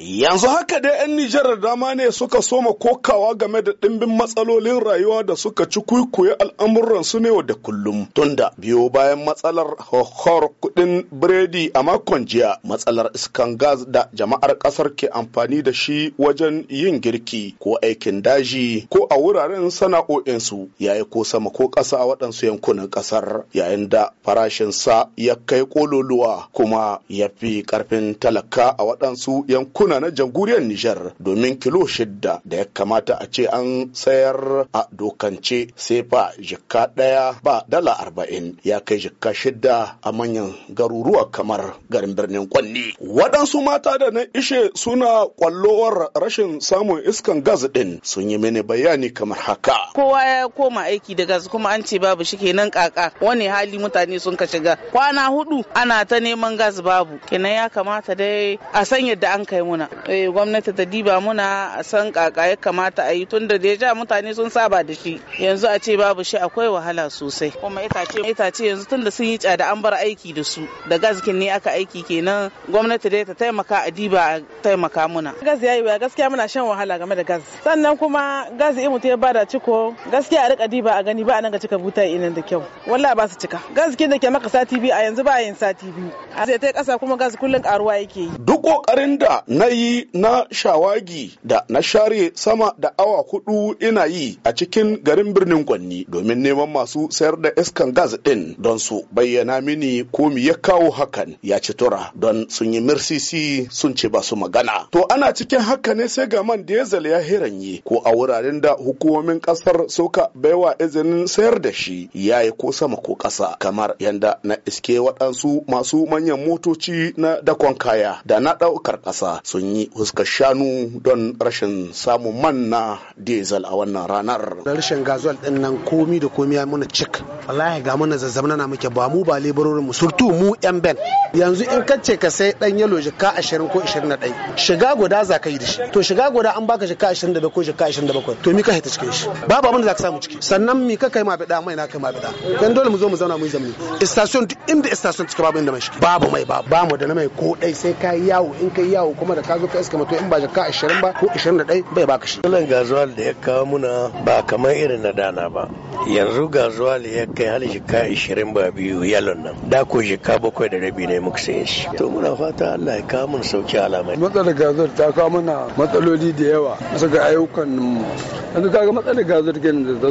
Yanzu haka dai 'yan Nijar da dama ne suka soma kokawa game da ɗimbin matsalolin rayuwa da suka ci kuikuyi al'amuran su ne da kullum. Tunda biyo bayan matsalar hohor kuɗin biredi a makon jiya, matsalar iskan gas da jama'ar ƙasar ke amfani da shi wajen yin girki ko aikin daji ko a wuraren sana'o'insu yayi ko sama ko ƙasa a waɗansu yankunan ƙasar yayin da farashin sa ya kai kololuwa kuma ya fi ƙarfin talaka a waɗansu yankunan buhuna na jamhuriyar Nijar domin kilo shidda da ya kamata a ce an sayar a dokance sai fa jikka ɗaya ba dala arba'in ya kai jikka shidda a manyan garuruwa kamar garin birnin Kwanni. Waɗansu mata da na ishe suna kwallowar rashin samun iskan gas ɗin sun yi mini bayani kamar haka. Kowa ya koma aiki da gas kuma an ce babu shi kenan kaka wani hali mutane sun ka shiga kwana hudu ana ta neman gas babu kenan ya kamata dai a san yadda an kai muna. muna eh gwamnati ta diba muna a san kaka ya kamata a yi tunda da ja mutane sun saba da shi yanzu a ce babu shi akwai wahala sosai kuma itace itace yanzu tunda sun yi tsada an bar aiki da su da gaskin ne aka aiki kenan gwamnati dai ta taimaka a diba a taimaka muna gas yayi ba gaskiya muna shan wahala game da gas sannan kuma gas in mutum ya bada ciko gaskiya a rika diba a gani ba a nan ga cika buta inan da kyau wallahi ba su cika gaskin da ke maka sati biyu a yanzu ba yin sati biyu a zai ta kasa kuma gas kullun karuwa yake yi duk kokarin da na yi na shawagi da na share sama da awa kudu ina yi a cikin garin birnin Gwanni domin neman masu sayar da iskan gas din don su bayyana mini ko mi ya kawo hakan ya ci tura don sun yi mirsisi sun ce ba su magana. To ana cikin haka ne sai ga man diesel ya hiranye ko a wuraren da hukumomin kasar suka baiwa izinin sayar da shi yayi ko sama ko ƙasa kamar yanda na iske waɗansu masu manyan motoci na dakon kaya da na ɗaukar ƙasa sun sun yi huskar shanu don rashin samun man na diesel a wannan ranar Da rashin gazuwal din nan komi da komi ya muna cik wallahi ga muna zazzabna na muke ba mu ba leburorin mu surtu mu yan ben yanzu in ka ce ka sai dan yalo jika 20 ko 21 shiga guda za ka yi da shi to shiga guda an baka jika 22 ko jika 27 to mi ka haita cikin shi babu abin da za ka samu ciki sannan mi ka kai ma bida mai na kai ma bida dan dole mu zo mu zauna mu yi zamani station duk inda station cika babu inda mai shi babu mai ba mu da mai ko dai sai ka yawo in kai yawo kuma da ka zo ka iska mutum in ba jaka 20 ba ko 21 bai baka shi wannan gazuwal da ya kawo muna ba kamar irin na dana ba yanzu gazuwal ya kai hal jaka 20 ba biyu yalon nan da ko jaka bakwai da rabi ne muka saye shi to muna fata Allah ya kawo mun sauki alamai matsalar gazuwal ta kawo muna matsaloli da yawa suka ayyukan yanzu ka ga matsalar gazo take da ta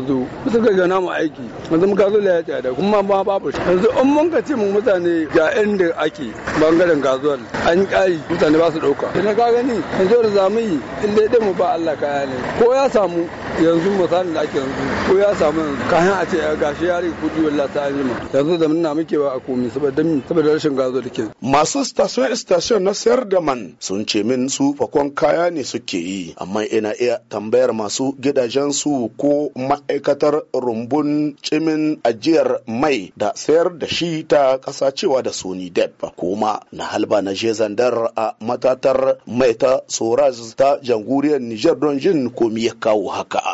zo ga gana mu aiki yanzu mu da ya da kuma ba babu yanzu in mun ka ce mu mutane ga inda ake bangaren gazuwar an kai mutane ba su dauka idan ka gani yanzu da zamu yi in dai mu ba Allah ka ne ko ya samu yanzu misalin da ake yanzu ko ya samu kayan a ce gashi ya rike kudi wallah ta anjima yanzu da muna muke ba a komi saboda saboda rashin gazo da ke masu station station na sayar da man sun ce min su fakon kaya ne suke yi amma ina iya tambayar masu gidajen su ko ma'aikatar rumbun cimin ajiyar mai da sayar da shi ta kasa cewa da sony dep kuma na halba na je zandar a matatar mai ta soraz ta janguriyar nijar don jin komi ya kawo haka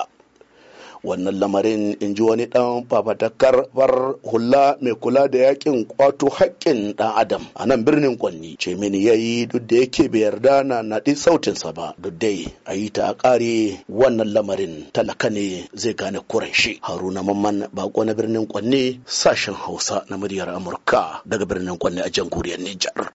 wannan lamarin in ji wani dan fafatakar far hula mai kula da yakin kwato haƙƙin dan adam a nan birnin kwanni ce mini yi duk da yake bai yarda na naɗi sautinsa ba duk dai a yi ta a ƙare wannan lamarin talaka ne zai gane kuran shi haruna mamman bako na birnin kwanni sashen hausa na muryar amurka daga birnin kwanni a jamhuriyar nijar